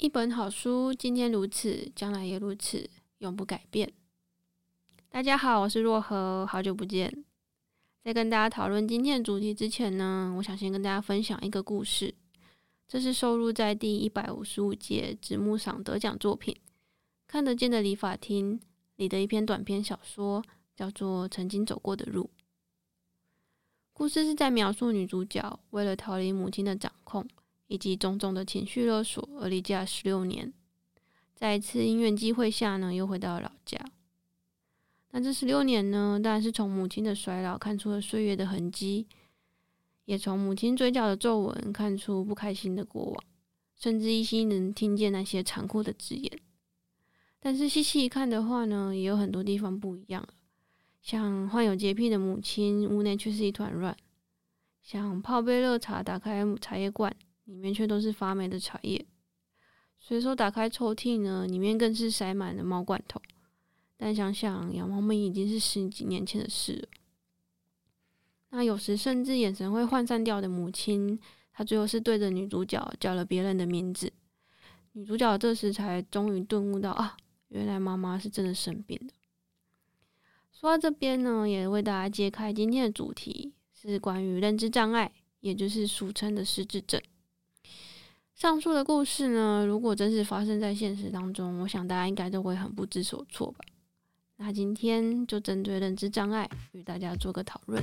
一本好書，今天如此，將來也如此，永不改變。大家好，我是若何，好久不見。在跟大家討論今天的主題之前呢，我想先跟大家分享一個故事。這是收錄在第一百五十五屆直木賞得獎作品《看得見的理髮廳》裡的一篇短篇小說，叫做《曾經走過的路》。故事是在描述女主角為了逃離母親的掌控。以及種種的情緒勒索，而離家十六年，在一次因緣機會下呢，又回到了老家。那這十六年呢，當然是從母親的衰老看出了歲月的痕跡，也從母親嘴角的皺紋看出不開心的過往，甚至依稀能聽見那些殘酷的字眼。但是細細一看的話呢，也有很多地方不一樣，像患有潔癖的母親，屋內卻是一團亂。想泡杯熱茶，打開茶葉罐，裡面卻都是發霉的茶葉，隨手打開抽屜呢，裡面更是塞滿了貓罐頭。但想想養貓們已經是十幾年前的事了。那有時甚至眼神會渙散掉的母親，她最後是對着女主角叫了別人的名字。女主角這時才終於頓悟到啊，原來媽媽是真的生病了。說到這邊呢，也為大家揭開今天的主題，是關於認知障礙，也就是俗稱的失智症。上述的故事呢，如果真是發生在現實當中，我想大家應該都會很不知所措吧。那今天就針對認知障礙，與大家做個討論。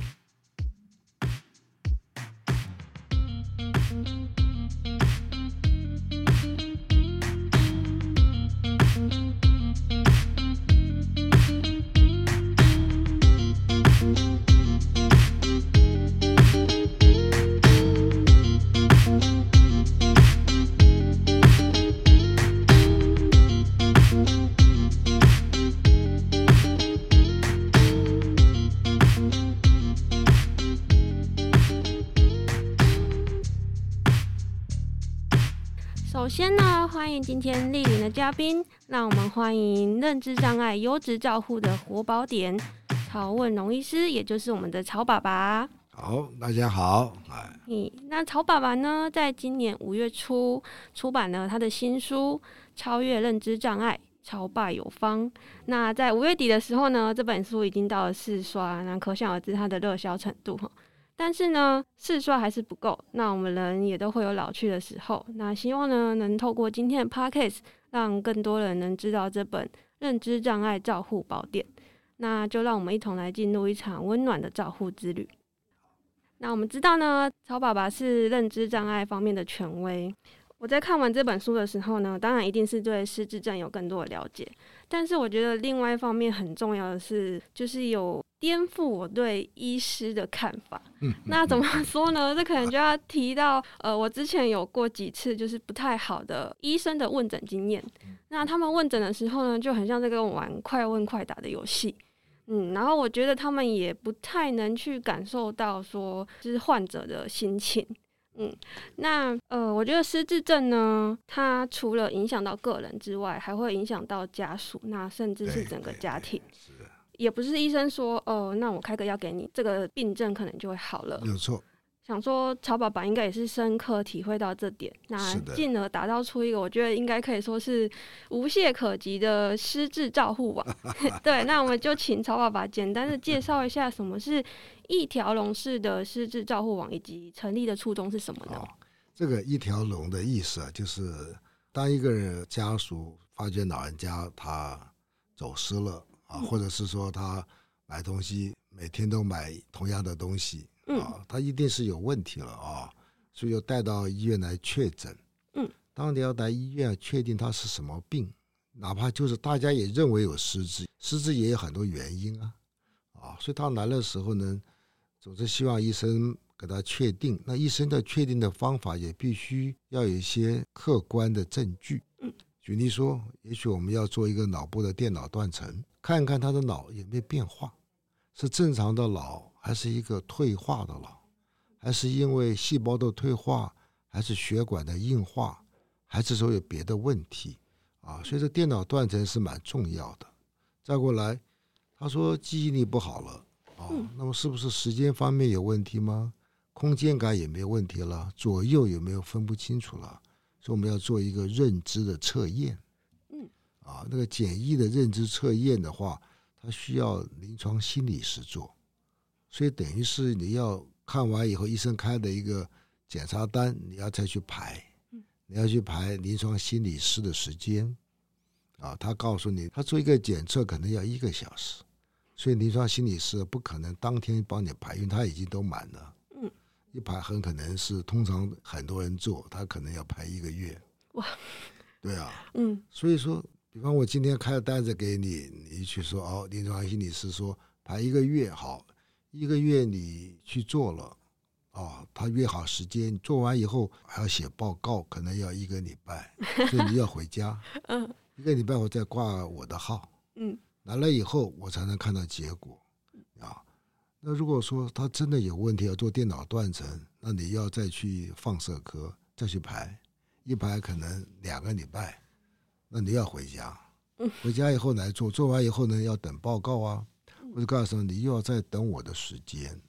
歡迎今天蒞臨的嘉賓，讓我們歡迎認知障礙優質照護的活寶典曹汶龍醫師，也就是我們的曹爸爸。好，大家好，嗯，那曹爸爸呢，在今年五月初出版了他的新書《超越認知障礙，曹爸有方》。那在五月底的時候呢，這本書已經到了四刷，那可想而知它的熱銷程度哈。但是呢，四錯還是不夠。那我們人也都會有老去的時候。那希望呢，能透過今天的 podcast 讓更多人能知道這本《認知障礙照護寶典》。那就讓我們一同來進入一場溫暖的照護之旅。那我們知道呢，曹爸爸是認知障礙方面的權威。我在看完這本書的時候呢，當然一定是對失智症有更多的了解。但是我覺得另外一方面很重要的是，就是有顛覆我對醫師的看法。那怎麼說呢？這可能就要提到，呃，我之前有過幾次就是不太好的醫生的問診經驗。那他們問診的時候呢，就很像在跟我們玩快問快答的遊戲。嗯，然後我覺得他們也不太能去感受到說，就是患者的心情。嗯，那呃，我覺得失智症呢，它除了影響到個人之外，還會影響到家屬，那甚至是整個家庭。也不是醫生說哦、呃，那我開個藥給你，這個病症可能就會好了。有錯。想說曹爸爸應該也是深刻體會到這點，那進而打造出一個我覺得應該可以說是無懈可擊的失智照護網。 對，那我們就請曹爸爸簡單的介紹一下什麼是“一條龍式”的失智照護網，以及成立的初衷是什麼呢？哦，這個“一條龍”的意思啊，就是當一個人家屬發覺老人家他走失了啊，嗯，或者是說他買東西每天都買同樣的東西。啊，他一定是有問題了啊，所以要帶到醫院來確診。嗯，當你要來醫院確定他是什麼病，哪怕就是大家也認為有失智，失智也有很多原因啊。啊，所以他來的時候呢，總是希望醫生給他確定。那醫生的確定的方法也必須要有一些客觀的證據。嗯，舉例說，也許我們要做一個腦部的電腦斷層，看看他的腦有沒有變化，是正常的腦。還是一個退化的了，還是因為細胞的退化，還是血管的硬化，還是說有別的問題啊？所以這電腦斷層是蠻重要的。再過來，他說記憶力不好了啊，那麼是不是時間方面有問題嗎？空間感也沒有問題了？左右有沒有分不清楚了？所以我們要做一個認知的測驗。啊，那個簡易的認知測驗的話，它需要臨床心理師做。所以等於是你要看完以後，醫生開的一個檢查單，你要再去排，你要去排臨床心理師的時間啊。他告訴你，他做一個檢測可能要一個小時，所以臨床心理師不可能當天幫你排，因為他已經都滿了。嗯，一排很可能是通常很多人做，他可能要排一個月。哇，對啊，嗯，所以說，比方我今天開了單子給你，你去說哦，臨床心理師說排一個月好，一個月你去做了，啊、哦，他約好時間，做完以後還要寫報告，可能要一個禮拜，所以你要回家。嗯， 一個禮拜我再掛我的號。嗯，來了以後我才能看到結果，啊，那如果說他真的有問題要做電腦斷層，那你要再去放射科再去排，一排可能兩個禮拜，那你要回家，回家以後來做，做完以後呢要等報告啊。我就告訴你，你又要再等我的時間，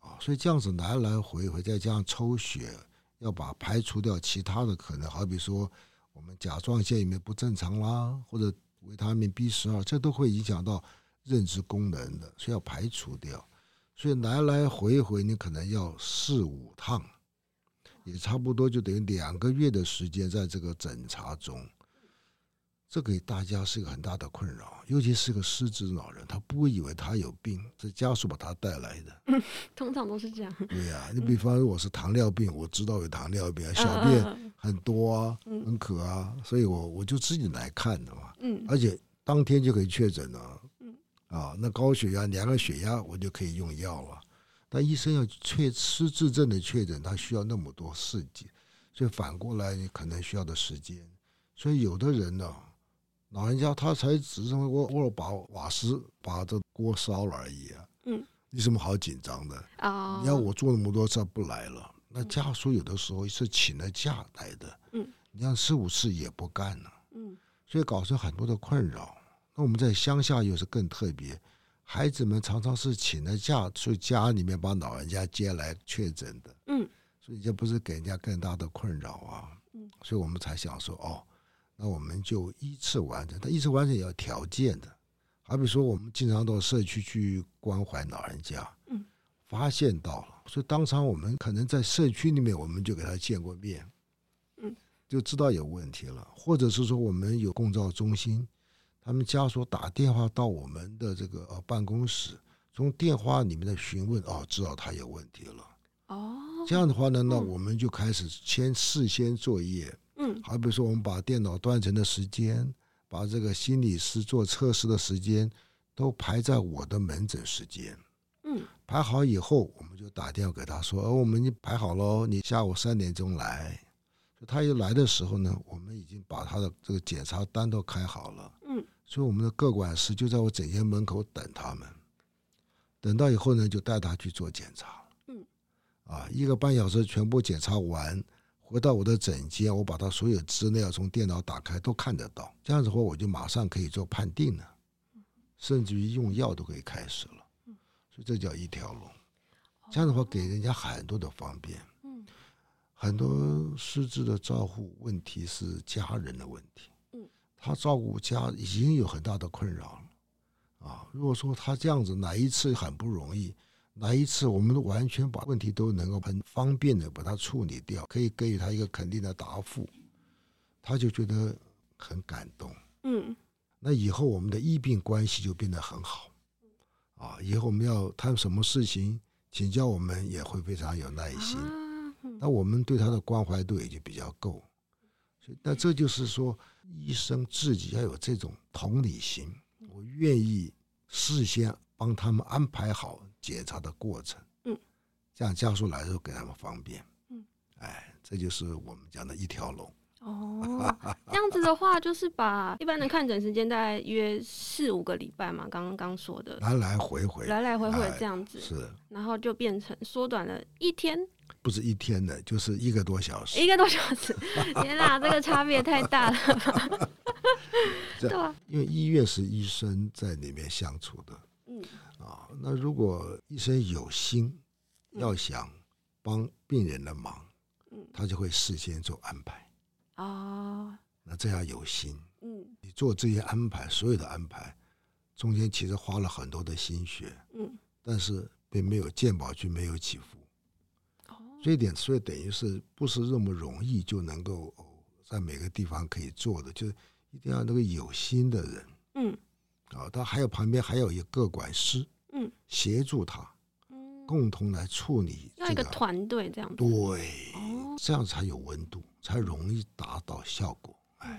啊，所以這樣子來來回回，再加上抽血，要把排除掉其他的可能，好比說我們甲狀腺裡面不正常啦，或者維他命 B 十二，這都會影響到認知功能的，所以要排除掉。所以來來回回，你可能要四五趟，也差不多就等於兩個月的時間在這個診查中。這給大家是一個很大的困擾，尤其是個失智老人，他不會以為他有病，這家屬把他帶來的， 通常都是這樣。對呀、啊，你比方說、嗯、我是糖尿病，我知道有糖尿病，小便很多啊，啊嗯、很渴啊，所以我我就自己來看的嘛、嗯。而且當天就可以確診了、啊。啊，那高血壓量了血壓，我就可以用藥了。但醫生要確失智症的確診，他需要那麼多試劑，所以反過來你可能需要的時間。所以有的人呢、哦。老人家他才只認為我偶爾把瓦斯把這鍋燒了而已啊。嗯，有什麼好緊張的啊？你看我坐那麼多車不來了，那家屬有的時候是請了假來的。嗯，你像四五次也不幹了。嗯，所以搞成很多的困擾。那我們在鄉下又是更特別，孩子們常常是請了假去家裡面把老人家接來確診的。嗯，所以這不是給人家更大的困擾啊。嗯，所以我們才想說哦。那我們就依次完成，他依次完成也要條件的。好比說，我們經常到社區去關懷老人家，嗯，發現到了，所以當場我們可能在社區裡面，我們就給他見過面，嗯，就知道有問題了。或者是說，我們有共照中心，他們家屬打電話到我們的這個呃辦公室，從電話裡面的詢問哦，知道他有問題了。哦，這樣的話呢，那我們就開始先事先作業。哦嗯嗯，好，比如說我們把電腦斷層的時間，把這個心理師做測試的時間，都排在我的門診時間。嗯，排好以後，我們就打電話給他說：“哦，我們已經排好嘍。你下午三點鐘來。”他一來的時候呢，我們已經把他的這個檢查單都開好了。嗯，所以我們的個管師就在我診間門口等他們。等到以後呢，就帶他去做檢查。嗯，啊，一個半小時全部檢查完。我到我的診間，我把他所有資料從電腦打開，都看得到。這樣子的話，我就馬上可以做判定了，甚至於用藥都可以開始了。所以這叫一條龍。這樣的話，給人家很多的方便。很多失智的照顧問題是家人的問題。他照顧家已經有很大的困擾了。啊，如果說他這樣子哪一次，很不容易。來一次，我們都完全把問題都能夠很方便的把它處理掉，可以給予他一個肯定的答覆他就覺得很感動。嗯，那以後我們的醫病關係就變得很好，啊，以後我們要談什麼事情，請教，我們也會非常有耐心。那我們對他的關懷度也就比較夠。所以，那這就是說，醫生自己要有這種同理心，我願意事先幫他們安排好。檢查的過程，嗯，這樣家屬來的時候給他們方便，嗯，哎，這就是我們講的一條龍。哦，這樣子的話，就是把一般的看診時間大概約四五個禮拜嘛，剛剛說的，來來回回，來來回回這樣子是，然後就變成縮短了一天，不是一天的，就是一個多小時，一個多小時， 天哪，這個差別太大了吧， 對啊？因為醫院是醫生在裡面相處的。哦、那如果醫生有心，要想幫病人的忙、嗯嗯，他就會事先做安排。啊、哦，那這樣有心、嗯，你做這些安排，所有的安排中間其實花了很多的心血，嗯、但是並沒有健保局沒有祈福，這、哦、一點所以等於是不是那麼容易就能夠在每個地方可以做的，就是一定要那個有心的人，嗯啊、哦，他還有旁邊還有一個個管師，嗯，協助他，共同來處理這，要、嗯、一個團隊這樣對、哦，這樣才有溫度，才容易達到效果、嗯。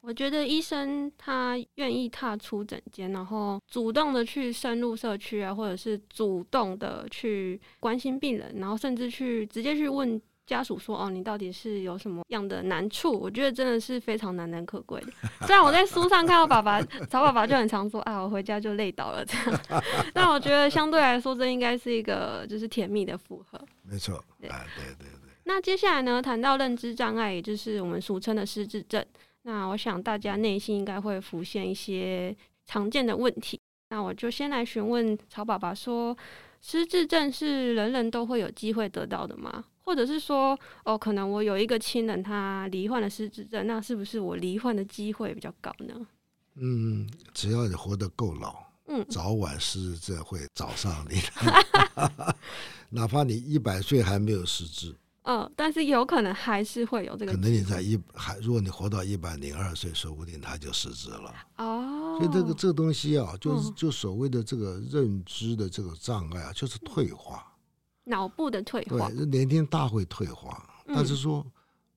我覺得醫生他願意踏出診間，然後主動的去深入社區啊，或者是主動的去關心病人，然後甚至去直接去問。家屬說：“哦，你到底是有什麼樣的難處？我覺得真的是非常難能可貴。雖然我在書上看到爸爸 曹爸爸就很常說：‘啊，我回家就累倒了’這樣，但我覺得相對來說，這應該是一個就是甜蜜的負荷。沒錯，啊，對對對。那接下來呢，談到認知障礙，也就是我們俗稱的失智症。那我想大家內心應該會浮現一些常見的問題。那我就先來詢問曹爸爸說：失智症是人人都會有機會得到的嗎？”或者是說，哦，可能我有一個親人，他罹患了失智症，那是不是我罹患的機會比較高呢？嗯，只要你活得夠老，嗯，早晚失智症會找上你， 哪怕你一百歲還沒有失智，嗯，但是有可能還是會有這個。可能你在一還，如果你活到一百零二歲，說不定他就失智了。哦，所以這個這個東西啊，就是就所謂的這個認知的這個障礙啊，就是退化。嗯腦部的退化，對，年齡大會退化、嗯，但是說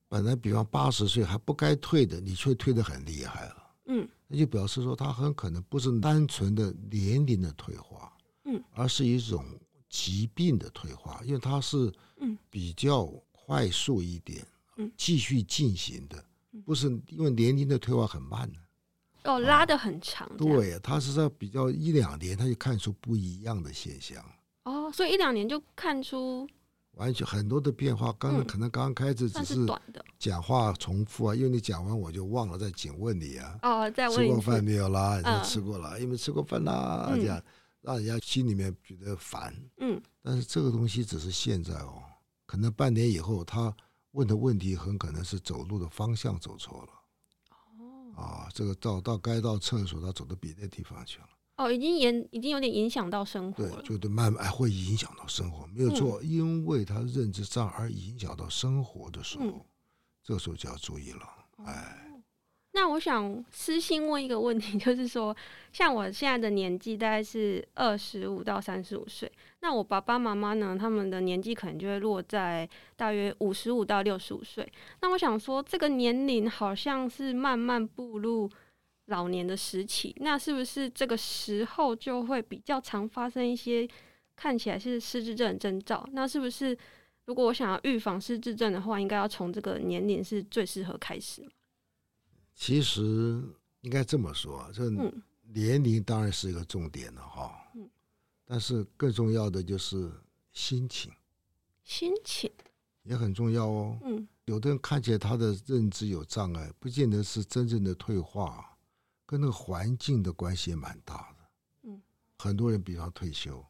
本來比方八十歲還不該退的，你卻退得很厲害了，嗯，那就表示說他很可能不是單純的年齡的退化，嗯，而是一種疾病的退化，因為它是嗯比較快速一點，嗯，繼續進行的，不是因為年齡的退化很慢的、啊，哦拉得很長，啊、對，他是在比較一兩年他就看出不一樣的現象。哦，所以一兩年就看出完全很多的變化。剛、嗯、可能剛，剛開始只是講話重複啊，因為你講完我就忘了再緊問你啊。哦，再問吃過飯沒有啦？已、嗯、經吃過了、嗯，因為吃過飯啦，這樣讓人家心裡面覺得煩。嗯，但是這個東西只是現在哦，可能半年以後他問的問題很可能是走路的方向走錯了。哦，啊，這個到到該到廁所，他走到別的地方去了。哦，已經影已經有點影響到生活了，對，就對，慢慢會影響到生活，沒有錯、嗯，因為他認知障礙影響到生活的時候，嗯、這個時候就要注意了，哎、嗯。那我想私心問一個問題，就是說，像我現在的年紀大概是二十五到三十五歲，那我爸爸媽媽呢，他們的年紀可能就會落在大約五十五到六十五歲。那我想說，這個年齡好像是慢慢步入，老年的時期，那是不是這個時候就會比較常發生一些看起來是失智症的徵兆？那是不是如果我想要預防失智症的話，應該要從這個年齡是最適合開始？其實應該這麼說，這年齡當然是一個重點的哦、哈。嗯，但是更重要的就是心情，心情也很重要哦。有的人看起來他的認知有障礙，不見得是真正的退化。跟那個環境的關係也蠻大的。嗯，很多人，比方退休，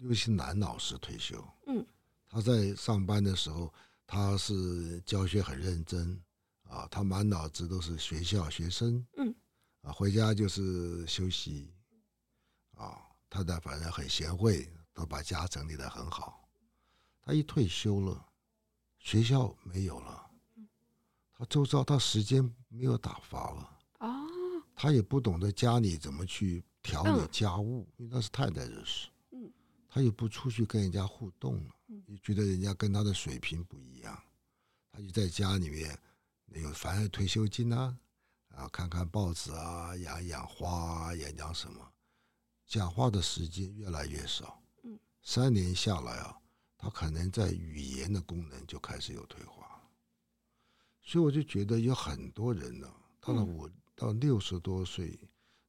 尤其是男老師退休。嗯，他在上班的時候，他是教學很認真啊，他滿腦子都是學校、學生。嗯，啊，回家就是休息。啊，太太反正很賢惠，都把家整理得很好。他一退休了，學校沒有了，他周遭他時間沒有打發了。他也不懂得家裡怎麼去調理家務，因為那是太太的事。他也不出去跟人家互動了，也覺得人家跟他的水平不一樣，他就在家裡面，有反正退休金啊，啊，看看報紙啊，養養花啊，養養什麼，講話的時間越來越少。嗯，三年下來啊，他可能在語言的功能就開始有退化，所以我就覺得有很多人呢、啊，他的我、嗯。到六十多歲，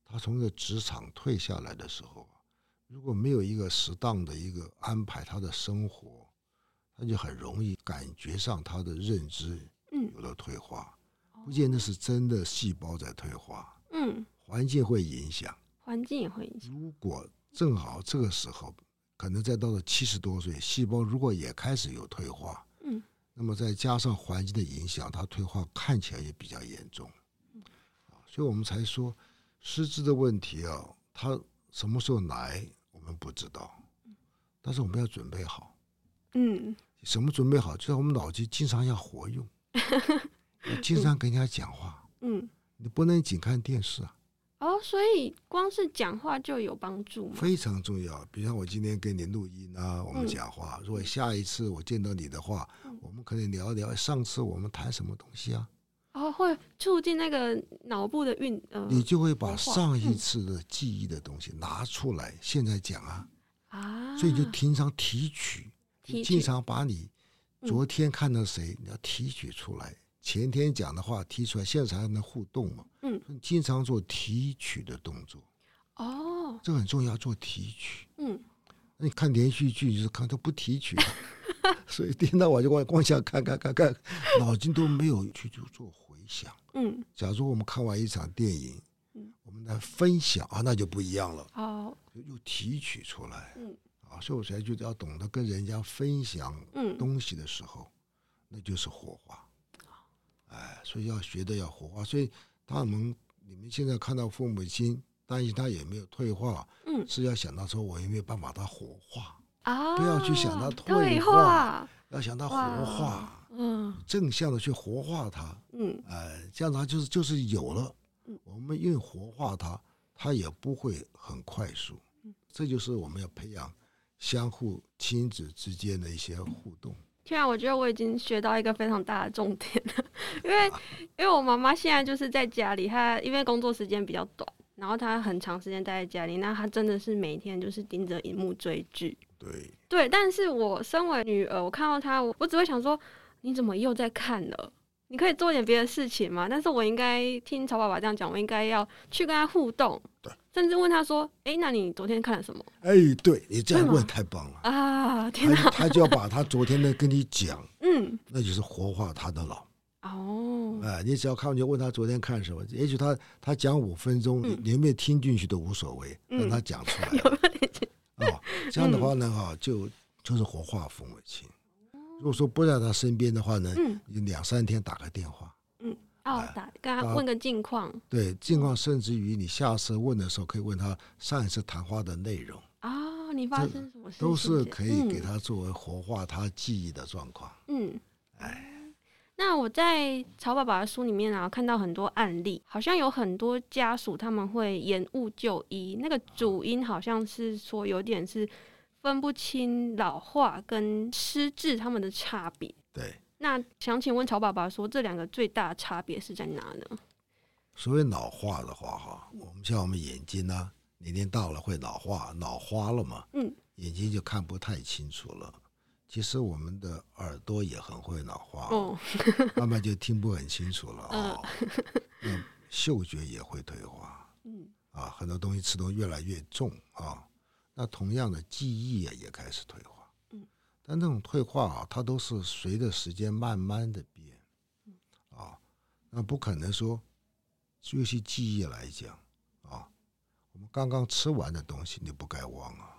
他從一個職場退下來的時候，如果沒有一個適當的一個安排，他的生活，他就很容易感覺上他的認知有了退化。嗯、不見得是真的細胞在退化，嗯、哦，環境會影響，環境也會影響。如果正好這個時候，可能再到了七十多歲，細胞如果也開始有退化，嗯，那麼再加上環境的影響，它退化看起來也比較嚴重。所以，我們才說，失智的問題啊，它什麼時候來，我們不知道，但是我們要準備好。嗯，什麼準備好？就像我們腦筋經常要活用，你、 嗯、經常跟人家講話。嗯，你不能僅看電視啊。哦，所以光是講話就有幫助嗎？非常重要。比如像我今天跟你錄音啊，我們講話、嗯。如果下一次我見到你的話，嗯、我們可以聊一聊上次我們談什麼東西啊。會促進那個腦部的運，呃，你就會把上一次的記憶的東西拿出來，嗯、現在講啊，啊，所以就平常提取，提取經常把你昨天看到誰、嗯，你要提取出來，前天講的話提出來，現場還能互動嘛？嗯，所以經常做提取的動作，哦，這很重要，做提取，嗯，那你看連續劇就是看都不提取， 所以天到晚我就光光想看看看看，腦筋都沒有去做做。想，嗯，假如我們看完一場電影、嗯，我們來分享啊，那就不一樣了，好、哦，又提取出來、啊，嗯，啊，所以我才覺得要懂得跟人家分享，東西的時候、嗯，那就是火化，哦、哎，所以要學的要火化，所以他們你們現在看到父母親擔心他有沒有退化、嗯，是要想到說，我有沒有辦法他火化不、哦、要去想他退化，要想他火化。嗯，正向的去活化它。嗯，哎、呃，這樣它就是就是有了。嗯，我們用活化它，它也不會很快速。嗯，這就是我們要培養相互親子之間的一些互動。天啊，我覺得我已經學到一個非常大的重點了， 因為因為我媽媽現在就是在家裡，她因為工作時間比較短，然後她很長時間待在家裡，那她真的是每天就是盯着熒幕追劇。對對，但是我身為女兒，我看到她，我我只會想說。你怎麼又在看了？你可以做點別的事情嘛！但是我應該聽曹爸爸這樣講，我應該要去跟他互動，對，甚至問他說：“哎，那你昨天看了什麼？”哎，對你這樣問太棒了啊，天哪！他就要把他昨天的跟你講， 嗯，那就是活化他的腦。哦。哎、啊，你只要看，你就問他昨天看什麼。也許他他講五分鐘，嗯、你有沒有聽進去都無所謂，讓、嗯、他講出來了 有沒有。哦，這樣的話呢，哈、嗯啊，就就是活化馮偉清。如果說不在他身邊的話呢，嗯，你兩三天打個電話，嗯，哦，啊，打跟他問個近況，對，近況甚至於你下次問的時候，可以問他上一次談話的內容啊，哦，你發生什麼事？都是可以給他作為活化他記憶的狀況，嗯，哎，那我在曹爸爸的書裡面啊，看到很多案例，好像有很多家屬他們會延誤就醫，那個主因好像是說有點是。分不清老化跟失智他們的差別。對，那想請問曹爸爸說，這兩個最大差別是在哪呢？所謂老化的話，哈、嗯，我們像我們眼睛呢、啊，年齡大了會老化，老花了嘛，嗯，眼睛就看不太清楚了。其實我們的耳朵也很會老化，哦、 慢慢就聽不很清楚了啊。呃、 嗅覺也會退化，嗯，啊，很多東西吃得越來越重啊。那同樣的記憶啊，也開始退化。嗯，但這種退化啊，它都是隨着時間慢慢的變，嗯。啊，那不可能說，就這些記憶來講啊，我們剛剛吃完的東西你不該忘啊。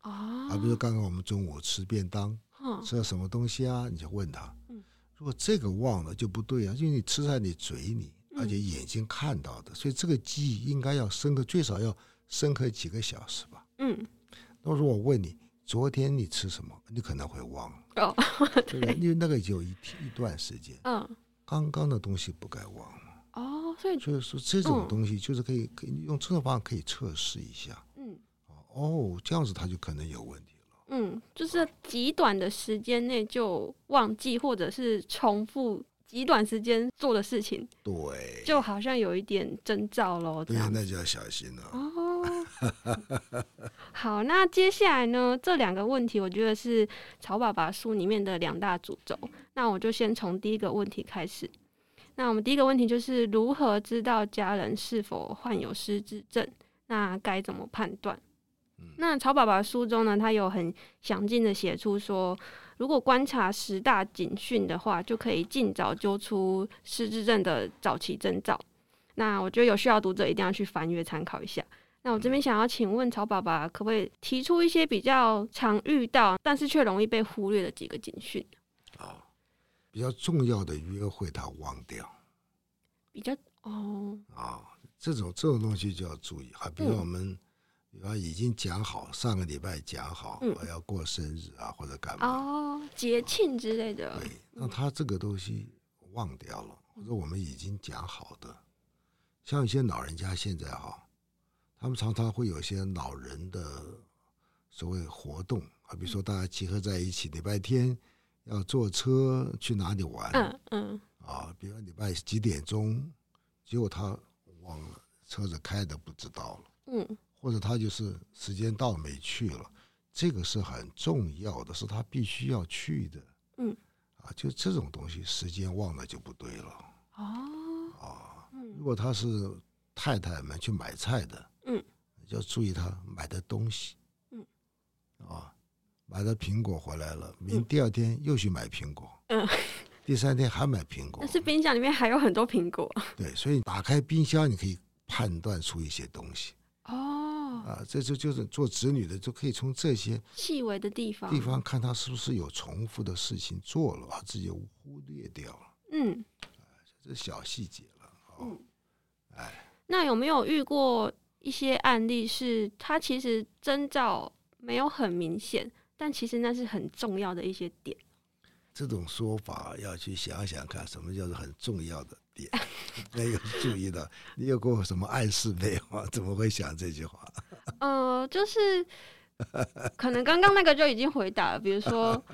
啊、哦，而不是剛剛我們中午吃便當，嗯，吃了什麼東西啊？你就問他。嗯，如果這個忘了就不對啊，因為你吃在你嘴裡，而且眼睛看到的，嗯，所以這個記憶應該要深刻，最少要深刻幾個小時吧。嗯，那如果我問你昨天你吃什麼，你可能會忘。哦，對。對。因為那個有一一段時間。嗯，剛剛的東西不該忘哦。所以就是說這種東西，就是可以，嗯，可以用這種方法可以測試一下。嗯，哦，這樣子他就可能有問題了。嗯，就是極短的時間內就忘記，或者是重複極短時間做的事情，對，就好像有一點徵兆嘍。對，那就要小心了。哦。 好，那接下來呢？這兩個問題，我覺得是曹爸爸書裡面的兩大主軸。那我就先從第一個問題開始。那我們第一個問題就是如何知道家人是否患有失智症？那該怎麼判斷？嗯。那曹爸爸書中呢，他有很詳盡的寫出說，如果觀察十大警訊的話，就可以儘早揪出失智症的早期徵兆。那我覺得有需要讀者一定要去翻閱參考一下。那我這邊想要請問曹爸爸，可不可以提出一些比較常遇到，但是卻容易被忽略的幾個警訊、哦？比較重要的約會他忘掉，比較哦啊、哦，這種這種東西就要注意。還、啊、比如我們啊、嗯、已經講好，上個禮拜講好，我、嗯、要過生日啊，或者幹嘛哦，節慶之類的、哦。對，那他這個東西忘掉了，嗯、或者我們已經講好的，像一些老人家現在哈、哦。他們常常會有些老人的所謂活動啊，比如說大家集合在一起，嗯，禮拜天要坐車去哪裡玩，嗯，啊，比如禮拜幾點鐘，結果他忘了車子開的不知道了，嗯，或者他就是時間到沒去了，這個是很重要的，是他必須要去的，嗯，啊，就這種東西時間忘了就不對了，哦，啊，如果他是太太們去買菜的。要注意他買的東西，嗯，啊、哦，買的蘋果回來了，明第二天又去買蘋果，嗯，第三天還買蘋果，嗯，但是冰箱裡面還有很多蘋果，對，所以打開冰箱你可以判斷出一些東西，哦，啊，這就就是做子女的就可以從這些細微的地方地方看他是不是有重複的事情做了，而自己忽略掉了，嗯，這小細節了，哦，嗯，哎，那有沒有遇過？一些案例是它其實徵兆沒有很明顯，但其實那是很重要的一些點。這種說法要去想想看，什麼叫做很重要的點？沒 有注意到，你有給我什麼暗示沒有？怎麼會想這句話？呃，就是可能剛剛那個就已經回答了， 比如說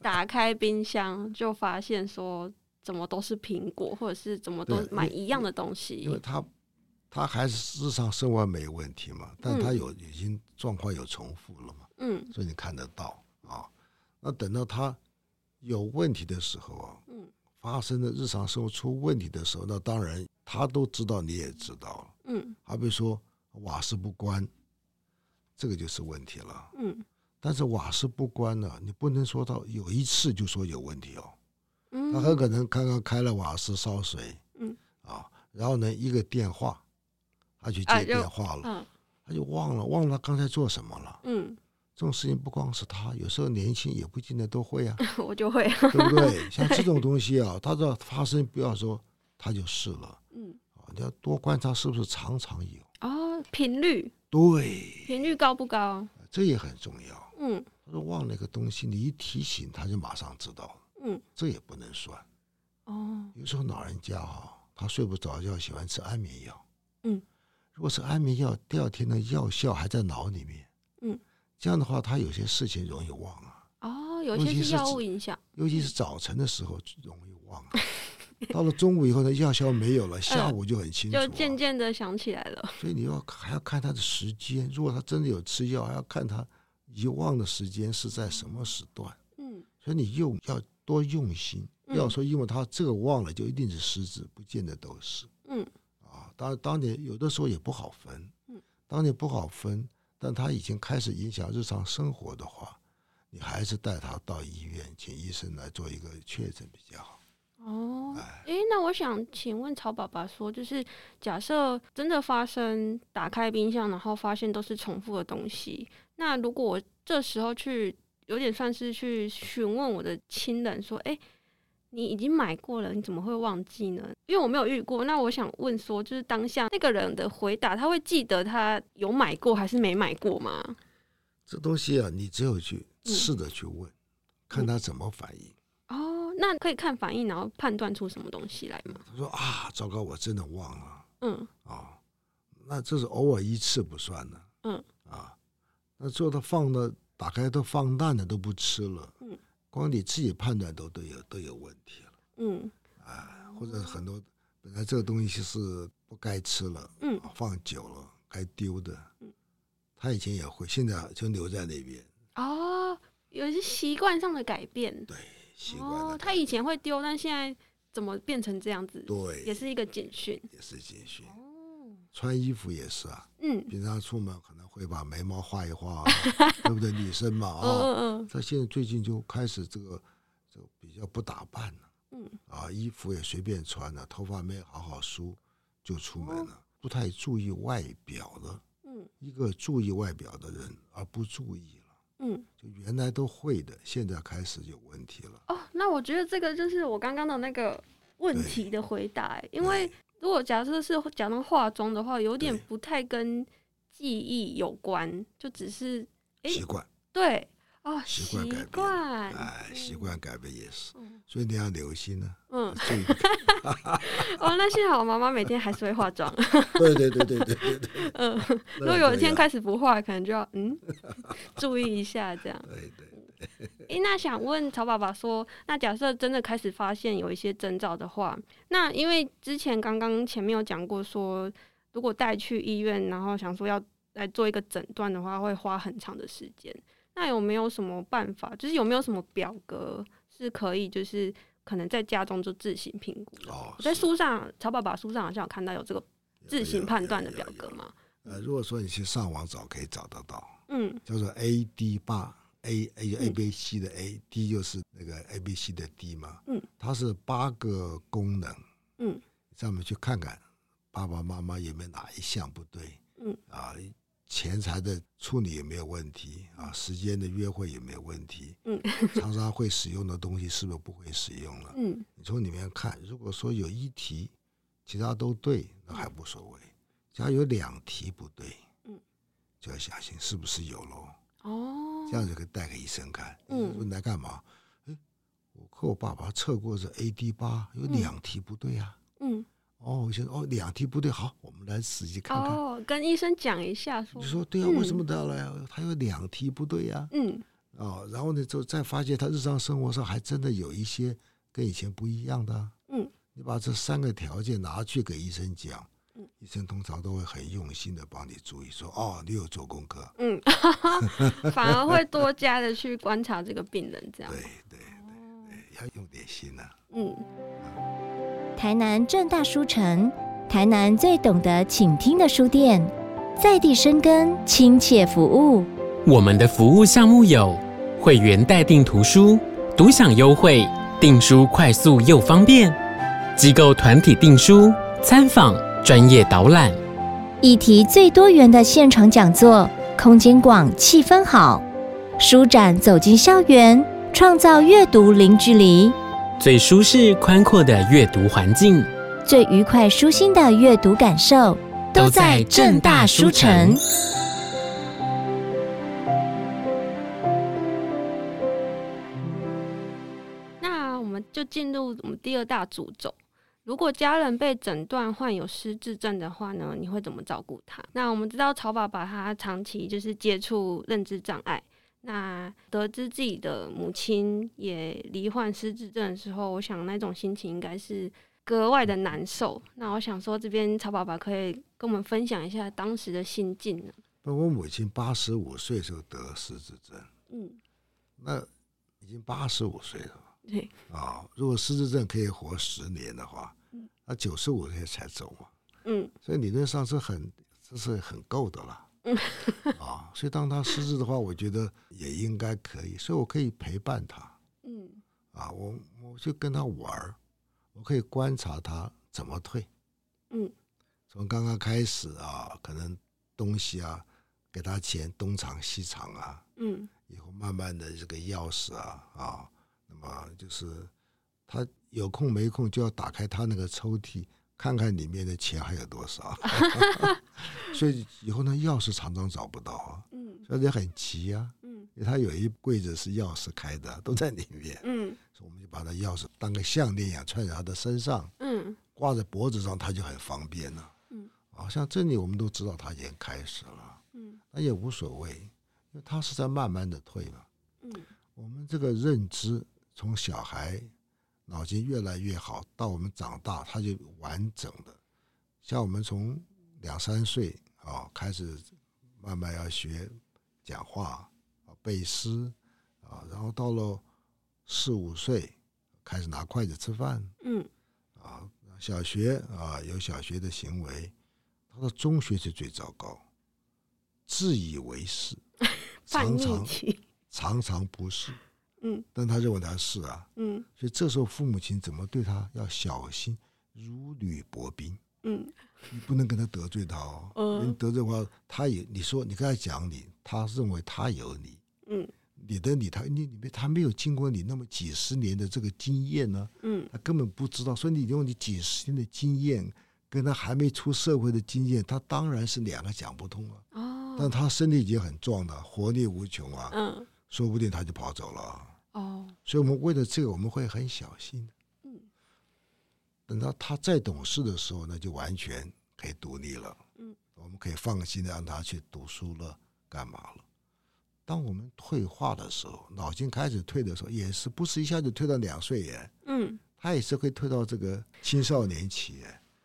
打開冰箱就發現說怎麼都是蘋果，或者是怎麼都買一樣的東西，因為他。他還是日常生活沒有問題嘛？但他有、嗯、已經狀況有重複了嘛？嗯，所以你看得到啊。那等到他有問題的時候啊，嗯，發生的日常生活出問題的時候，那當然他都知道，你也知道了。嗯，還比如說瓦斯不關，這個就是問題了。嗯，但是瓦斯不關呢、啊，你不能說到有一次就說有問題哦。嗯，他很可能剛剛開了瓦斯燒水。嗯，啊，然後呢，一個電話。他去接電話了、啊嗯，他就忘了，忘了剛才做什麼了，嗯，這種事情不光是他，有時候年輕也不見得都會啊， 我就會、啊，對不對？像這種東西啊，它只要發生不要說，他就是了，嗯，啊，你要多觀察是不是常常有啊，哦、頻率，對，頻率高不高、啊？這也很重要，嗯，他說忘了一個東西，你一提醒他就馬上知道了，嗯，這也不能算，哦，有時候老人家啊，他睡不着覺，喜歡吃安眠藥，嗯。如果是安眠藥，第二天的藥效還在腦裡面，嗯，這樣的話，他有些事情容易忘啊。哦，有些是藥物影響尤，尤其是早晨的時候容易忘，啊。 到了中午以後呢，呢藥效沒有了，下午就很清楚，啊嗯，就漸漸的想起來了。所以你要還要看他的時間，如果他真的有吃藥，還要看他遺忘的時間是在什麼時段。嗯，所以你用要多用心。不要說，因為他這個忘了，嗯，就一定是失智，不見得都是。嗯。當，當你有的時候也不好分。嗯，當你不好分，但他已經開始影響日常生活的話，你還是帶他到醫院，請醫生來做一個確診比較好。哦、哎，誒，那我想請問曹爸爸說，就是假設真的發生打開冰箱，然後發現都是重複的東西，那如果我這時候去有點算是去詢問我的親人說，誒。你已經買過了，你怎麼會忘記呢？因為我沒有遇過。那我想問說，就是當下那個人的回答，他會記得他有買過還是沒買過嗎？這東西啊，你只有去試著去問，嗯、看他怎麼反應。哦，那可以看反應，然後判斷出什麼東西來嗎？他說啊，糟糕，我真的忘了。嗯。哦、啊，那這是偶爾一次不算的。嗯。啊，那做的放的打開都放爛了都不吃了。光你自己判斷都都有都有問題了，嗯，啊，或者很多本來這個東西是不該吃了，嗯，放久了該丟的，嗯，他以前也會，現在就留在那邊。哦，有些習慣上的改變。對，習慣。哦，他以前會丟，但現在怎麼變成這樣子？對，也是一個警訊。也是警訊。穿衣服也是啊，嗯，平常出門可能會把眉毛畫一畫，啊，嗯、對不對？ 女生嘛，啊，嗯嗯，她現在最近就開始這個，就比較不打扮了，嗯，嗯，啊，衣服也隨便穿了，頭髮沒好好梳就出門了，哦，不太注意外表的，嗯，嗯，一個注意外表的人而不注意了，嗯，嗯，就原來都會的，現在開始有問題了。哦，那我覺得這個就是我剛剛的那個問題的回答，欸，因為。如果假設是假裝化妝的話，有點不太跟記憶有關，就只是習慣、欸。對啊，習慣、哦、習慣改變，哎，習慣改變也是，所以你要留心呢、啊。嗯，嗯 哦，那幸好我媽媽每天還是會化妝。 對，對對對對對對。 嗯，如果有一天開始不化， 可能就要嗯 注意一下這樣。對對、對。誒、欸，那想問曹爸爸說，那假設真的開始發現有一些徵兆的話，那因為之前剛剛前面有講過說，說如果帶去醫院，然後想說要來做一個診斷的話，會花很長的時間。那有沒有什麼辦法？就是有沒有什麼表格是可以，就是可能在家中就自行評估的？哦，在書上，曹爸爸書上好像有看到有這個自行判斷的表格嗎？呃，如果說你去上網找，可以找得到。嗯，叫做 AD8。A, A A A B C 的 A、嗯、D 就是那個 A B C 的 D 嘛，嗯，它是八個功能，嗯，上面去看看爸爸媽媽有沒有哪一項不對，嗯，啊，錢財的處理有沒有問題，啊，時間的約會有沒有問題，嗯，常常會使用的東西是不是不會使用了，嗯，你從裡面看，如果說有一題其他都對，那還無所謂、嗯，只要有兩題不對，就要小心是不是有嘍。哦，這樣子可以帶給醫生看。嗯，問他幹嘛？哎、欸，我和我爸爸測過這 AD 八、嗯，有兩題不對啊。嗯，哦，我想哦，兩題不對，好，我們來仔細看看。哦，跟醫生講一下，說，你說對啊，為什麼了來、嗯？他有兩題不對啊。嗯，哦，然後呢，就再發現他日常生活上還真的有一些跟以前不一樣的、啊。嗯，你把這三個條件拿去給醫生講。醫生通常都會很用心的幫你注意，說：“哦，你有做功課、啊。”嗯哈哈，反而會多加的去觀察這個病人，這樣 對對對，對，要用點心吶、啊嗯。嗯，台南政大書城，台南最懂得傾聽的書店，在地生根，親切服務。我們的服務項目有會員代訂圖書、獨享優惠、訂書快速又方便、機構團體訂書、參訪。參訪專業導覽，議題最多元的現場講座，空間廣，氣氛好，書展走進校園，創造閱讀零距離，最舒適寬闊的閱讀環境，最愉快舒心的閱讀感受，都在政大，大書城。那我們就進入我們第二大主軸。如果家人被診斷患有失智症的話呢，你會怎麼照顧他？那我們知道曹爸爸他長期就是接觸認知障礙。那得知自己的母親也罹患失智症的時候，我想那種心情應該是格外的難受。嗯、那我想說，這邊曹爸爸可以跟我們分享一下當時的心境呢。那我母親八十五歲的時候得了失智症。嗯。那已經八十五歲了。對。啊、哦，如果失智症可以活十年的話。他九十五歲才走嘛，嗯，所以理論上是很，這是很夠的了，啊、嗯，所以當他失智的話，我覺得也應該可以，所以我可以陪伴他、啊，嗯，啊，我我去跟他玩，我可以觀察他怎麼退，嗯，從剛剛開始啊，可能東西啊，給他錢，東藏西藏啊，嗯，以後慢慢的這個鑰匙啊，啊，那麼就是他。有空沒空就要打開他那個抽屜，看看裡面的錢還有多少。 所以以後呢，鑰匙常常找不到，啊。嗯，所以很急啊。嗯，因為他有一櫃子是鑰匙開的，都在裡面。嗯，所以我們就把他鑰匙當個項鏈一樣，串在他的身上。嗯，掛在脖子上，他就很方便了，啊。嗯，好、啊、像這裡我們都知道他已經開始了。嗯，那也無所謂，因為他是在慢慢的退嘛。嗯，我們這個認知從小孩。嗯腦筋越來越好，到我們長大，他就完整的。像我們從兩三歲啊開始，慢慢要學講話啊背詩啊，然後到了四五歲開始拿筷子吃飯，嗯啊，小學啊有小學的行為，他的中學就最糟糕，自以為是，常常 常常不是。嗯，但他認為他是啊，嗯，所以這時候父母親怎麼對他要小心如履薄冰，嗯，你不能跟他得罪他哦，嗯、得罪的話他也你說你跟他講理，他認為他有理，嗯，你的理他你你沒他沒有經過你那麼幾十年的這個經驗呢、啊，嗯，他根本不知道，所以你用你幾十年的經驗跟他還沒出社會的經驗，他當然是兩個講不通了、啊，哦，但他身體已經很壯了，活力無窮啊，嗯，說不定他就跑走了。哦、oh.，所以我們為了這個，我們會很小心。嗯，等到他再懂事的時候呢，就完全可以獨立了。嗯，我們可以放心的讓他去讀書了，幹嘛了？當我們退化的時候，腦筋開始退的時候，也是不是一下子就退到兩歲耶？嗯，他也是會退到這個青少年期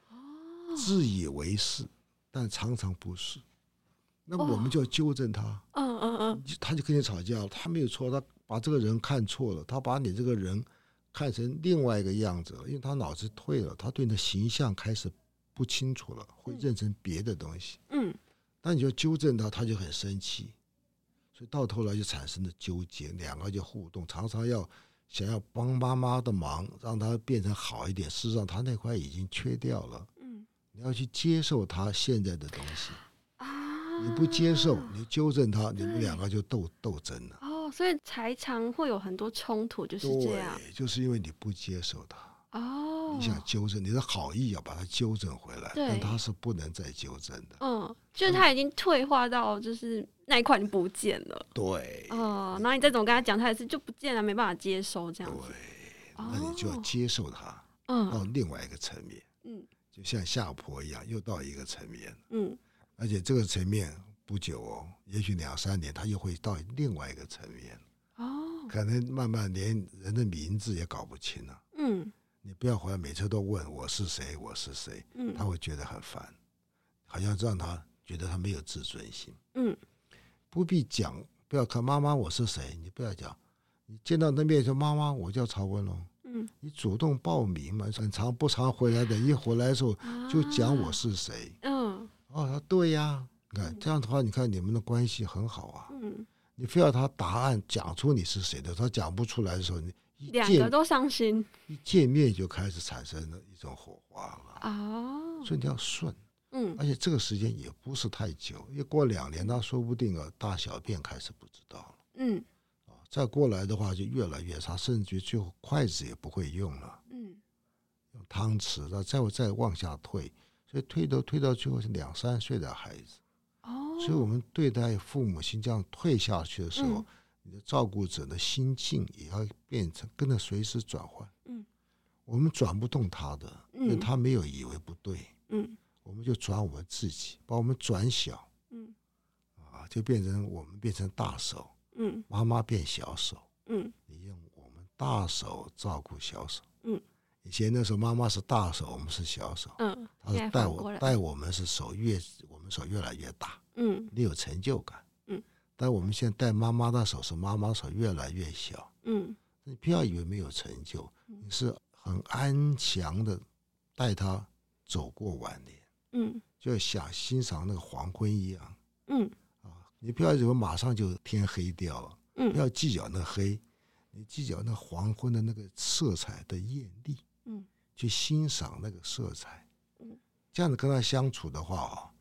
哦，自以為是，但常常不是。那麼我們就要糾正他。嗯嗯嗯，他就跟你吵架，他沒有錯，他，把這個人看錯了，他把你這個人看成另外一個樣子了。因為他腦子退了，他對你的形象開始不清楚了，會認成別的東西。嗯，那你就糾正他，他就很生氣，所以到頭來就產生了糾結，兩個就互動，常常要想要幫媽媽的忙，讓他變成好一點。事實上，他那塊已經缺掉了。你要去接受他現在的東西，你不接受，你糾正他，你們兩個就鬥鬥爭了。所以才常會有很多衝突，就是這樣。就是因為你不接受他哦，oh, 你想糾正，你的好意要把它糾正回來，但他是不能再糾正的。嗯，就是他已經退化到就是那一塊不見了。嗯、對，啊、嗯，然後你再怎麼跟他講，他也是就不見了，沒辦法接受。這樣。對，那你就要接受他，嗯、oh，到另外一個層面，嗯，就像下坡一樣，又到一個層面，嗯，而且這個層面。不久哦，也許兩三年，他又會到另外一個層面哦，可能慢慢連人的名字也搞不清了、啊。嗯，你不要回來，每次都問我是誰，我是誰，嗯、他會覺得很煩，好像讓他覺得他沒有自尊心。嗯，不必講，不要看媽媽我是誰，你不要講，你見到那面說媽媽我叫曹汶龍，嗯，你主動報名嘛，很長不常回來的，一回來的時候就講我是誰，嗯、啊哦，哦，他對呀。看這樣的話，你看你們的關係很好啊。嗯，你非要他答案講出你是誰的，他講不出來的時候，你兩個都傷心。一見面就開始產生了一種火花了啊，哦，所以你要順，嗯，而且這個時間也不是太久，一過兩年，他說不定啊，大小便開始不知道了，嗯，啊，再過來的話就越來越差，甚至最後筷子也不會用了，嗯，用湯匙，再再往下退，所以退到退到最後是兩三歲的孩子。所以我們對待父母親這樣退下去的時候，嗯，你的照顧者的心境也要變成跟着隨時轉換。嗯，我們轉不動他的，因為他沒有以為不對。嗯，我們就轉我們自己，把我們轉小。嗯，啊，就變成我們變成大手。嗯，媽媽變小手。嗯，你用我們大手照顧小手。以前那時候，媽媽是大手，我們是小手。嗯，她帶我帶我們是手越我們手越來越大。嗯，你有成就感。嗯，但我們現在帶媽媽的手，是媽媽手越來越小。嗯，你不要以為沒有成就，嗯、你是很安詳的帶他走過晚年。嗯，就像欣賞那個黃昏一樣。嗯，啊，你不要以為馬上就天黑掉了。嗯，不要計較那黑，你計較那黃昏的那個色彩的豔麗。去欣賞那個色彩，這樣子跟他相處的話，哦，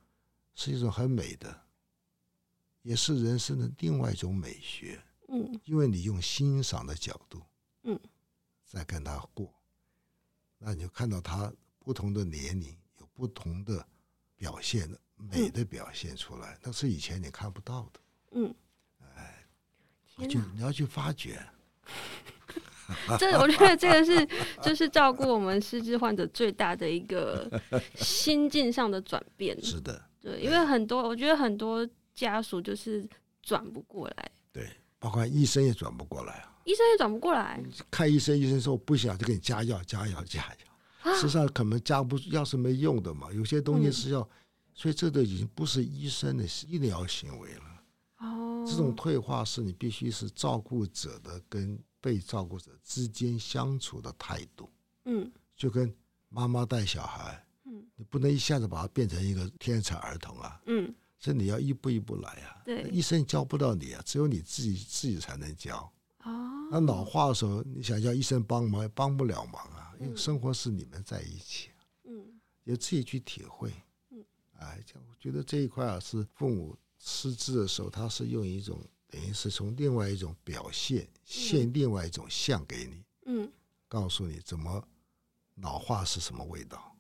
是一種很美的，也是人生的另外一種美學，因為你用欣賞的角度，嗯，在跟他過，那你就看到他不同的年齡有不同的表現，美的表現出來，那是以前你看不到的，嗯，哎，你要去發掘。 這我覺得這個是，就是照顧我們失智患者最大的一個心境上的轉變。 是的，對，因為很多，我覺得很多家屬就是轉不過來，對，包括醫生也轉不過來啊，醫生也轉不過來。看醫生，醫生說不行，就給你加藥、加藥、加藥、啊。實際上可能加不要是沒用的嘛，有些東西是要，嗯、所以這都已經不是醫生的醫療行為了。哦，這種退化是你必須是照顧者的跟。被照顧者之間相處的態度，嗯，就跟媽媽帶小孩，嗯，你不能一下子把他變成一個天才兒童啊，嗯，所以你要一步一步來啊，對，醫生教不到你啊，只有你自己自己才能教啊。哦。那老化的時候，你想叫醫生幫忙也幫不了忙啊，嗯，因為生活是你們在一起，嗯，要自己去體會，嗯，哎，我覺得這一塊啊是父母失智的時候，他是用一種。等於是從另外一種表現，現另外一種象給你，嗯，嗯，告訴你怎麼老化是什麼味道。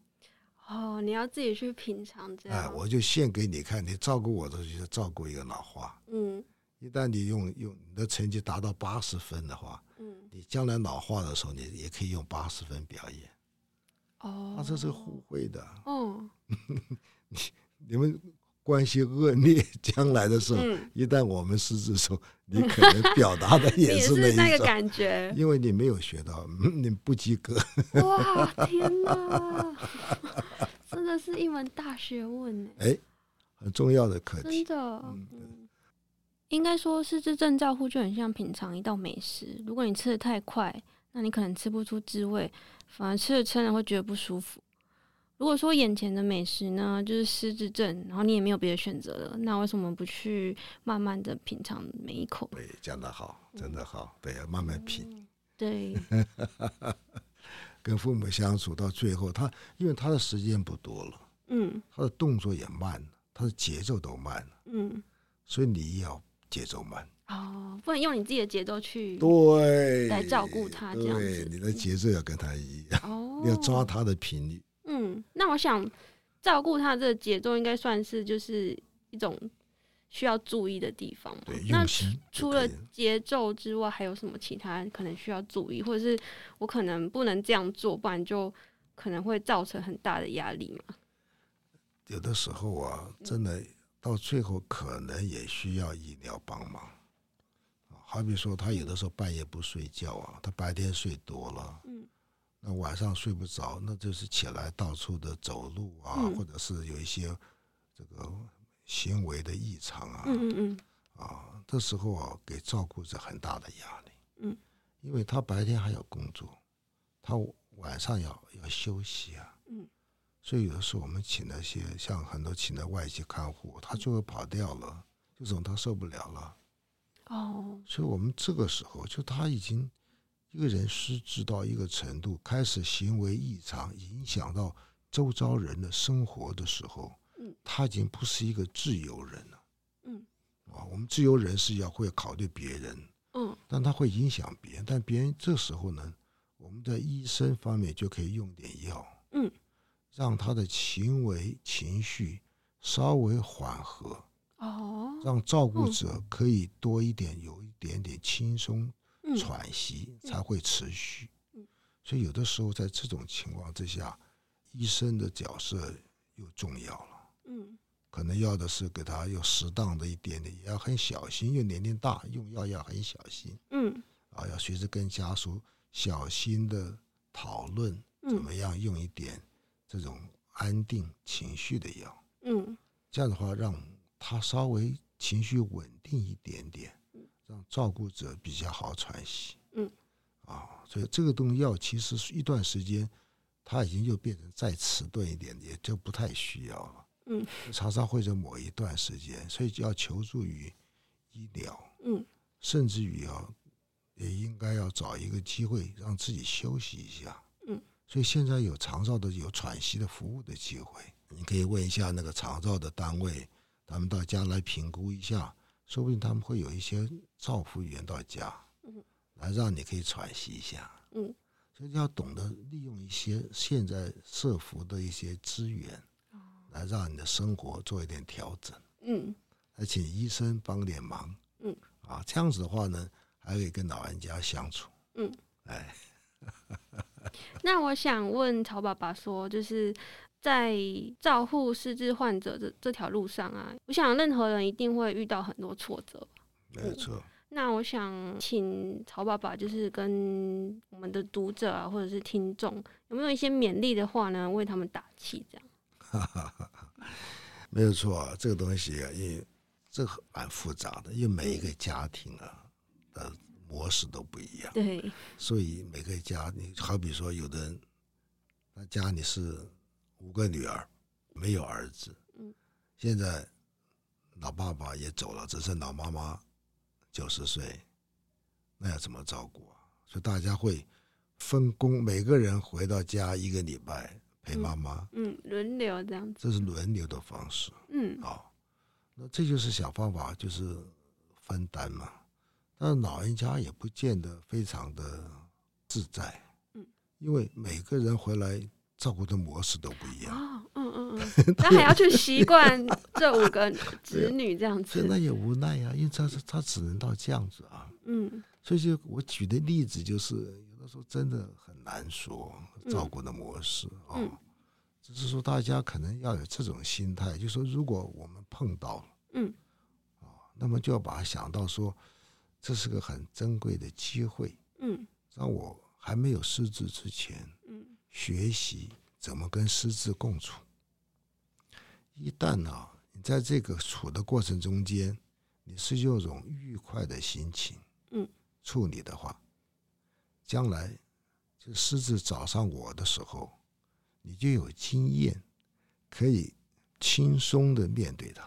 哦，你要自己去品嘗。這樣，哎，我就現給你看。你照顧我的時候就是照顧一個老化。嗯，嗯，一旦你用用你的成績達到八十分的話，嗯，嗯，你將來老化的時候，你也可以用八十分表演。哦、啊，這是互惠的。嗯、哦， 你你們。關係惡劣，將來的時候，嗯、一旦我們失智時，你可能表達的也是那, 也是那個感覺。因為你沒有學到，你不及格。 哇，天哪，真的是一門大學問哎，很重要的課題。嗯、真的、嗯，應該說，失智症照護就很像品嘗一道美食，如果你吃的太快，那你可能吃不出滋味，反而吃的撐了會覺得不舒服。如果說眼前的美食呢，就是失智症，然後你也沒有別的選擇了，那為什麼不去慢慢的品嘗每一口？對，講得好，真的好，嗯、對，要慢慢品。哦、對， 跟父母相處到最後，他因為他的時間不多了，嗯，他的動作也慢了，他的節奏都慢了，嗯，所以你要節奏慢哦，不能用你自己的節奏去對來照顧他，這樣子對，你的節奏要跟他一樣，哦、 你要抓他的頻率。嗯，那我想照顧他的節奏應該算是就是一種需要注意的地方。對，用心。那除了節奏之外，還有什麼其他可能需要注意，或者是我可能不能這樣做，不然就可能會造成很大的壓力嘛。有的時候啊，真的到最後可能也需要醫療幫忙。好比說，他有的時候半夜不睡覺啊，他白天睡多了。嗯。那晚上睡不着，那就是起來到處的走路啊，嗯、或者是有一些這個行為的異常啊。嗯嗯。啊，這時候啊，給照顧者很大的壓力。嗯。因為他白天還要工作，他晚上要要休息啊。嗯。所以有的時候我們請那些像很多請的外籍看護，他就會跑掉了，這種他受不了了。哦。所以我們這個時候就他已經。一個人失智到一個程度，開始行為異常，影響到周遭人的生活的時候，嗯，他已經不是一個自由人了，嗯，啊，哦，我們自由人是要會考慮別人，嗯，但他會影響別人，但別人這時候呢，我們在醫生方面就可以用點藥，嗯，讓他的行為情緒稍微緩和，哦，讓照顧者可以多一點，嗯，有一點點輕鬆。喘息才會持續，所以有的時候在這種情況之下，醫生的角色又重要了。嗯，可能要的是給他又適當的一點點，要很小心，因為年齡大，用藥要很小心。嗯，啊，要隨時跟家屬小心的討論，怎麼樣用一點這種安定情緒的藥。嗯，這樣的話讓他稍微情緒穩定一點點。讓照顧者比較好喘息，嗯，啊，所以這個東西要其實一段時間，他已經就變成再遲鈍一點，也就不太需要了，嗯，長照或者某一段時間，所以要求助於醫療，嗯，甚至於哦、啊，也應該要找一個機會讓自己休息一下，嗯，所以現在有長照的有喘息的服務的機會，你可以問一下那個長照的單位，他們到家來評估一下。說不定他們會有一些照服員到家，嗯，來讓你可以喘息一下，嗯，所以要懂得利用一些現在社福的一些資源，來讓你的生活做一點調整，嗯，來請醫生幫點忙，嗯，啊，這樣子的話呢，還可以跟老人家相處，嗯，哎，那我想問曹爸爸說，就是。在照護失智患者這這條路上啊，我想任何人一定會遇到很多挫折。沒有錯、嗯。那我想請曹爸爸，就是跟我們的讀者啊，或者是聽眾，有沒有一些勉勵的話呢？為他們打氣，這樣。哈哈哈哈沒有錯、啊，這個東西、啊，因為這蠻複雜的，因為每一個家庭啊的模式都不一樣。對。所以每個家，你好比說，有的人他家裡是。五個女兒，沒有兒子。嗯，現在老爸爸也走了，只剩老媽媽，九十歲，那要怎麼照顧啊？所以大家會分工，每個人回到家一個禮拜陪媽媽。嗯，嗯，輪流這樣子。這是輪流的方式。嗯，好、哦，那這就是想辦法，就是分擔嘛。但是老人家也不見得非常的自在。嗯，因為每個人回來。照顧的模式都不一樣，嗯、哦、嗯嗯，他、嗯、 還要去習慣這五個子女這樣子， 所以，所以那也無奈呀、啊，因為他他只能到這樣子啊，嗯，所以就我舉的例子就是，有的時候真的很難說照顧的模式啊、嗯嗯，只是說大家可能要有這種心態，就是、說如果我們碰到了，嗯，哦、那麼就要把它想到說，這是個很珍貴的機會，嗯，讓我還沒有失智之前，嗯。學習怎麼跟獅子共處。一旦呢、啊，你在這個處的過程中間，你是用一種愉快的心情，嗯，處理的話，將來這獅子找上我的時候，你就有經驗，可以輕鬆地面對它，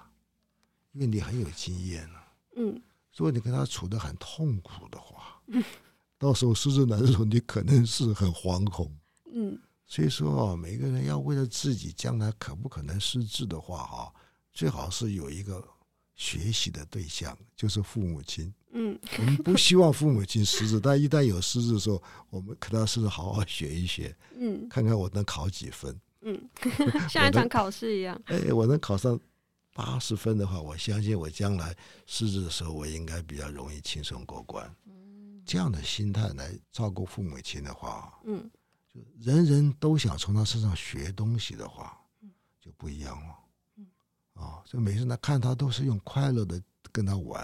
因為你很有經驗了、啊。嗯，如果你跟他處得很痛苦的話，到時候獅子來找，你，可能是很惶恐。嗯，所以說啊，每個人要為了自己將來可不可能失智的話哈，最好是有一個學習的對象，就是父母親。嗯，我們不希望父母親失智， 但一旦有失智的時候，我們可倒是好好學一學。嗯，看看我能考幾分。嗯， 像一場考試一樣、欸。哎，我能考上八十分的話，我相信我將來失智的時候，我應該比較容易輕鬆過關。這樣的心態來照顧父母親的話，嗯，嗯。人人都想從他身上學東西的話，就不一樣了。嗯、啊，所以每次來看他都是用快樂的跟他玩，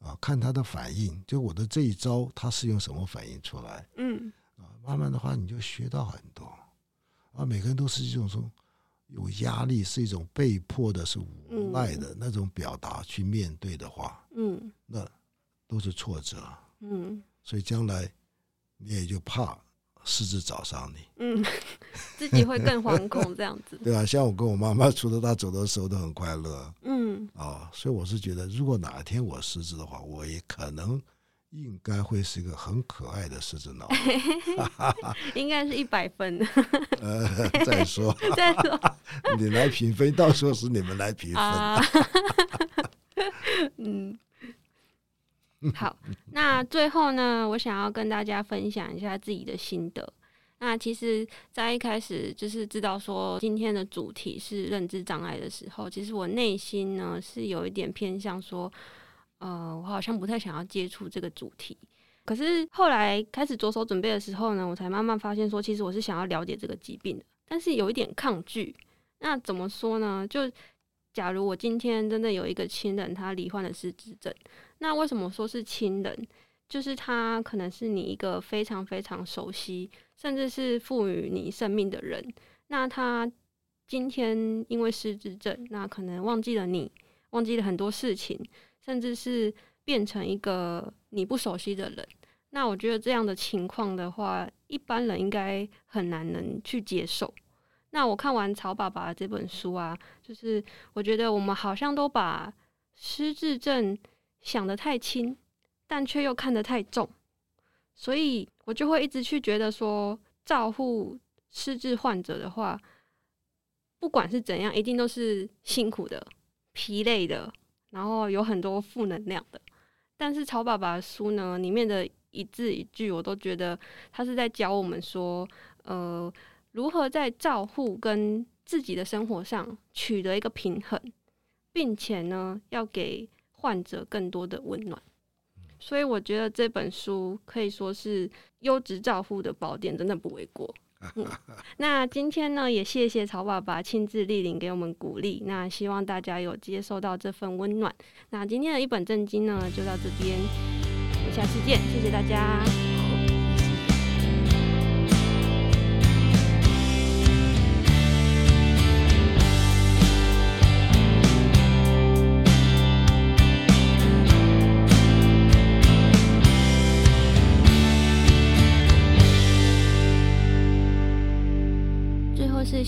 啊，看他的反應，就我的這一招他是用什麼反應出來？嗯，啊，慢慢的話你就學到很多。啊，每個人都是一種說有壓力是一種被迫的是無奈的那種表達去面對的話，嗯，那都是挫折。嗯，所以將來你也就怕。獅子找上你，嗯，自己會更惶恐這樣子。 對啊，像我跟我媽媽，除了她走的時候都很快樂，嗯，啊、哦，所以我是覺得，如果哪一天我失智的話，我也可能應該會是一個很可愛的失智腦 哎，應該是一百分。 呃，再說，哎、再說， 你來評分， 到時候是你們來評分、啊。嗯。好，那最後呢，我想要跟大家分享一下自己的心得。那其實，在一開始就是知道說今天的主題是認知障礙的時候，其實我內心呢是有一點偏向說，呃，我好像不太想要接觸這個主題。可是後來開始着手準備的時候呢，我才慢慢發現說，其實我是想要了解這個疾病的，但是有一點抗拒。那怎麼說呢？就假如我今天真的有一個親人，他罹患的是失智症。那為什麼說是親人？就是他可能是你一個非常非常熟悉，甚至是賦予你生命的人。那他今天因為失智症，那可能忘記了你，忘記了很多事情，甚至是變成一個你不熟悉的人。那我覺得這樣的情況的話，一般人應該很難能去接受。那我看完《曹爸爸》這本書啊，就是我覺得我們好像都把失智症，想得太輕，但卻又看得太重，所以我就會一直去覺得說，照護失智患者的話，不管是怎樣，一定都是辛苦的、疲累的，然後有很多負能量的。但是曹爸爸的書呢，裡面的一字一句，我都覺得他是在教我們說，呃，如何在照護跟自己的生活上取得一個平衡，並且呢，要給。患者更多的溫暖，所以我覺得這本書可以說是優質照護的寶典，真的不為過。嗯、 那今天呢，也謝謝曹爸爸親自蒞臨給我們鼓勵。那希望大家有接受到這份溫暖。那今天的一本朕經呢，就到這邊，我們下期見，謝謝大家。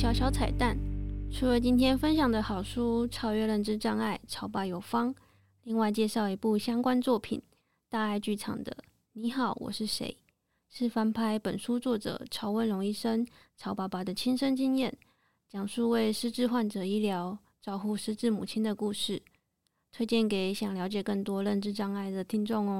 小小彩蛋，除了今天分享的好書《超越認知障礙，曹爸有方》，另外介紹一部相關作品《大愛劇場的你好，我是誰》，是翻拍本書作者曹汶龍醫生曹爸爸的親身經驗，講述為失智患者醫療照護失智母親的故事，推薦給想了解更多認知障礙的聽眾哦。